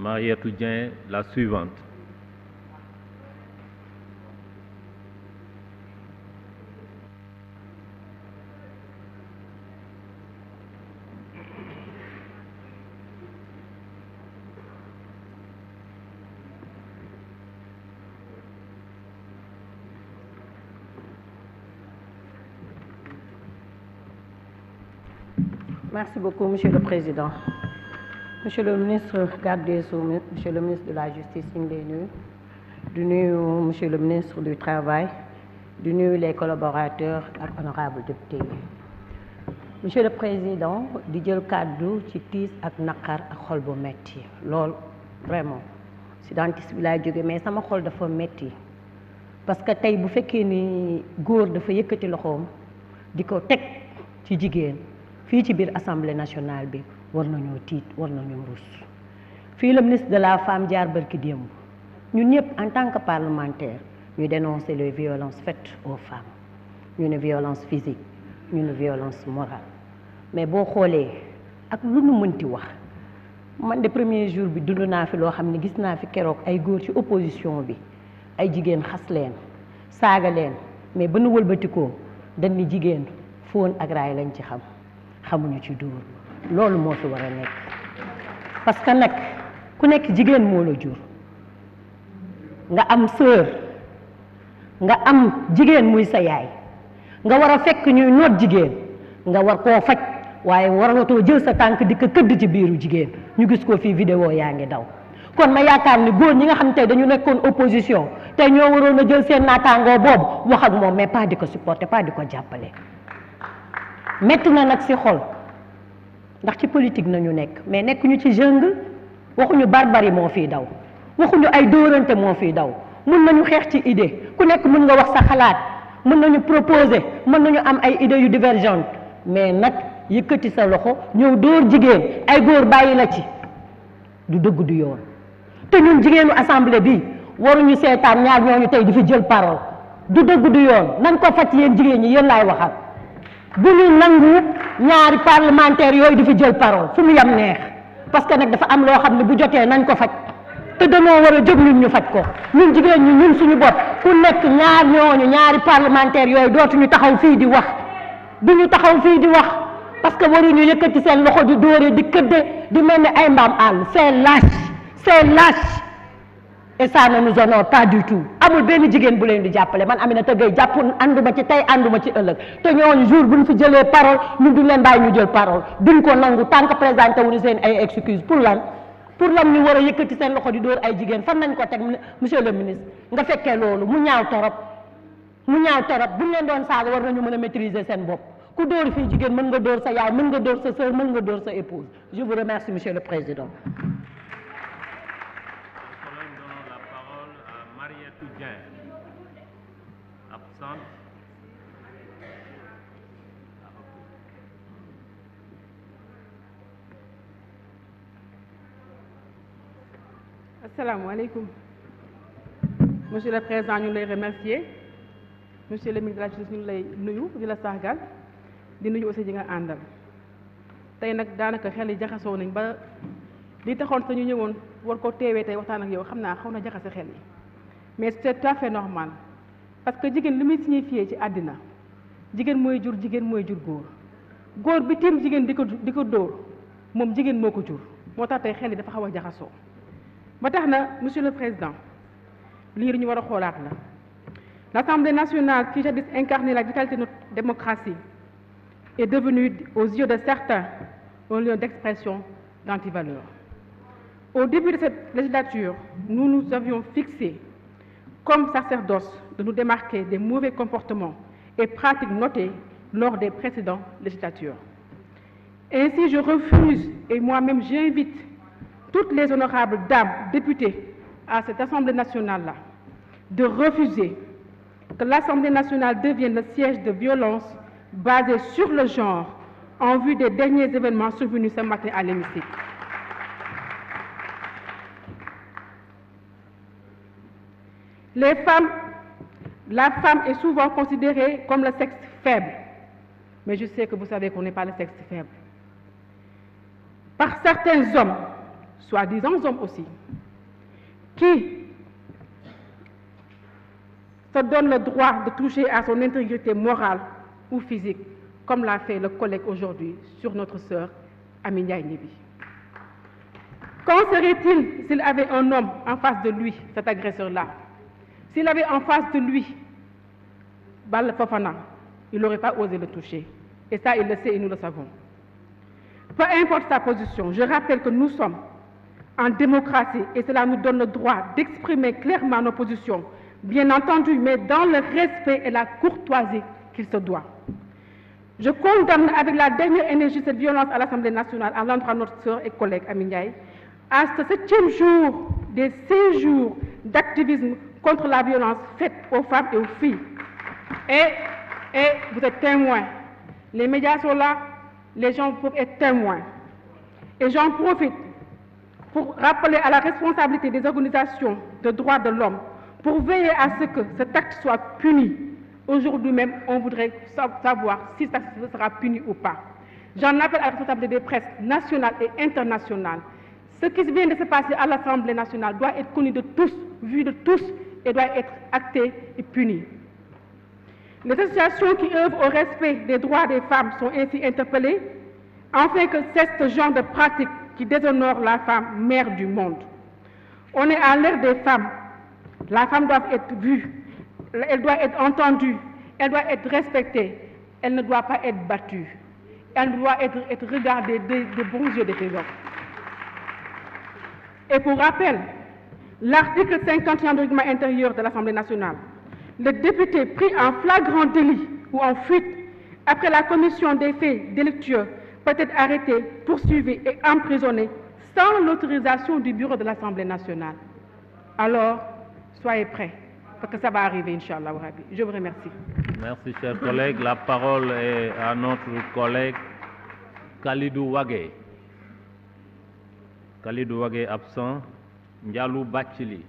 Marietou Dieng la suivante. Merci beaucoup, Monsieur le Président. monsieur le ministre garde des Sceaux monsieur le ministre de la justice ñu ngi lay nuyu du nuyu monsieur le ministre du travail du nuyu les collaborateurs ak honorable député yi monsieur le président di jël kàddu ci tiis ak naqar ak xol bu metti lool vraiment si dentiste bi laa jóge mais sama xol dafa metti parce que tey bu fekkee ni góor dafa yëkkati loxoom di ko teg ci jigéen fii ci biir assemblée nationale bi war nañoo tiit war nañoo rus fii la ministre de la femme jaar barki démb ñun ñëpp en tant que parlementaire ñu dénoncer les violences faites aux femmes ñu ne violence physique ñu ne violence morale mais boo xoolee ak lu nu mënti wax man de premier jour bi dund naa fi loo xam ne gis naa fi keroog ay góor ci opposition bi ay jigéen xas leen saaga leen mais ba nu wëlbatikoo dañ ni jigéen fóon ak raay lañ ci xam xamuñu ci dóor loolu moo ci war a nekk parce que nag ku nekk jigéen moo la jur nga am sœur nga am jigéen muy sa yaay nga war a fekk ñuy noot jigéen nga war koo faj waaye waratoo jël sa tànk di ko këdd ci biiru jigéen ñu gis ko fii video yaa ngi daw kon ma yaakaar ni góor ñi nga xam tey dañu nekkoon opposition tey ñoo waroon a jël seen naataangoo boobu wax ak moom mais pas di ko supporter pas di ko jàppale metti na nag si xol ndax ci politique nañu nekk mais nekkuñu ci jungle waxuñu barbarie moo fii daw waxuñu ay dóorante moo fii daw mun nañu xeex ci idée ku nekk mën nga wax sa xalaat mën nañu proposer mën nañu am ay idées yu divergentes mais nag yëkkati sa loxo ñëw dóor jigéen ay góor bàyyi la ci du dugg du yoon te ñun jigéenu assemblée bi waruñu seetaan ñaar ñooñu tey di fi jël parole du dëgg du yoon nan ko faj yéen jigéen ñi yéen laay waxal bu ñu nangu ñaari parlementaire yooyu di fi jël parole fu mu yam neex parce que nag dafa am loo xam ne bu jotee nañ ko faj te danoo war a jóg ñun ñu faj ko ñun jigéen ñu ñun suñu bopp ku nekk ñaar ñooñu ñaari parlementaire yooyu dootu dootuñu taxaw fii di wax bu ñu taxaw fii di wax parce que waruñu yëkkati seen loxo di dóore di këdde di mel ni ay mbaam àll c'est lâche c'est lâche et ça ne nous honore pas du tout amul benn jigéen bu leen di jàppale man Aminata Gueye jàpp ànduma ci tey ànduma ci ëllëg te ñooñu jour bu ñu fi jëlee parole ñun duñ leen bàyyi ñu jël parole duñ ko nangu tant que présenté wuñu seen ay excuse pour lan pour lan ñu war a yëkkati seen loxo di dóor ay jigéen fan nañ ko teg monsieur le ministre nga fekkee loolu mu ñaaw torop mu ñaaw torop buñ leen doon saaga war nañu mën a maîtriser seen bopp ku dóor fii jigéen mën mën nga dóor sa sœur mën nga dóor sa épouse je Dieng absente asalaamaaleykum monsieur le président ñu lay remercier monsieur le ministre de ñu lay nuyu di la sargal di nuyu aussi di nga àndal tey nag daanaka xel yi jaxasoo nañ ba di taxoon sax ñu ñëwoon war ko teewee tey waxtaan ak yow xam naa xaw na jaxase xel yi mais c'est tout fait normal parce que jigéen li muy signifié ci àddina jigéen mooy jur jigéen mooy jur góor góor bi tiim jigéen di ko di ko dóor moom jigéen moo ko jur moo tax tey xel yi dafa xaw a jaxasoo ba tax na monsieur le président lii ñu war a xoolaat la l'Assemblée nationale qui jadis incarnait la vitalité de notre démocratie est devenue aux yeux de certains un lieu d'expression d'antivaleurs. Au début de cette législature, nous nous avions fixé Comme sacerdoce, de nous démarquer des mauvais comportements et pratique notées lors des précédentes législatures. Ainsi, je refuse et moi-même j'invite toutes les honorables dames députées à cette Assemblée nationale-là de refuser que l'Assemblée nationale devienne le siège de violences basées sur le genre en vue des derniers événements survenus ce matin à l'hémicycle. Les femmes, la femme est souvent considérée comme le sexe faible. Mais je sais que vous savez qu'on n'est pas le sexe faible. Par certains hommes, soi-disant hommes aussi, qui se donnent le droit de toucher à son intégrité morale ou physique, comme l'a fait le collègue aujourd'hui sur notre sœur Aminia Inebi. Qu'en serait-il s'il avait un homme en face de lui, cet agresseur-là S'il avait en face de lui Bal Fofana, il n'aurait pas osé le toucher. Et ça, il le sait et nous le savons. Peu importe sa position, je rappelle que nous sommes en démocratie et cela nous donne le droit d'exprimer clairement nos positions, bien entendu, mais dans le respect et la courtoisie qu'il se doit. Je condamne avec la dernière énergie cette violence à l'Assemblée nationale, à l'endroit notre sœur et collègue Aminyaï, à ce septième jour des six jours contre la violence faite aux femmes et aux filles. Et, vous êtes témoins. Les médias sont là, les gens peuvent être témoins. Et j'en profite pour rappeler à la responsabilité des organisations de droits de l'homme pour veiller à ce que cet acte soit puni. Aujourd'hui même, on voudrait savoir si ça sera puni ou pas. J'en appelle à la responsabilité des presses nationales et internationales. Ce qui vient de se passer à l'Assemblée nationale doit être connu de et doit être actée et punie. Les associations qui œuvrent au respect des droits des femmes sont ainsi interpellées afin que cesse ce genre de pratique qui déshonore la femme, mère du monde. On est à l'ère des femmes. La femme doit être vue, elle doit être entendue, elle doit être respectée, elle ne doit pas être battue, elle doit être, regardée de, bons yeux de tes Et pour rappel, l'article 51 du règlement intérieur de l'Assemblée nationale, le député pris en flagrant délit ou en fuite après la commission des faits délictueux peut être arrêté, poursuivi et emprisonné sans l'autorisation du bureau de l'Assemblée nationale. Alors, soyez prêts, parce que ça va arriver, Inch'Allah. Je vous remercie. chers collègues. La parole est à notre collègue Khalidou Wagé. absent. Njalu li